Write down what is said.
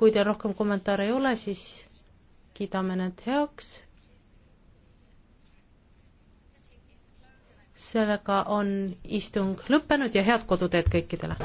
kui teil rohkem kommentaare ei ole, siis kiidame need heaks. sellega on istung lõppenud ja head koduteed kõikidele!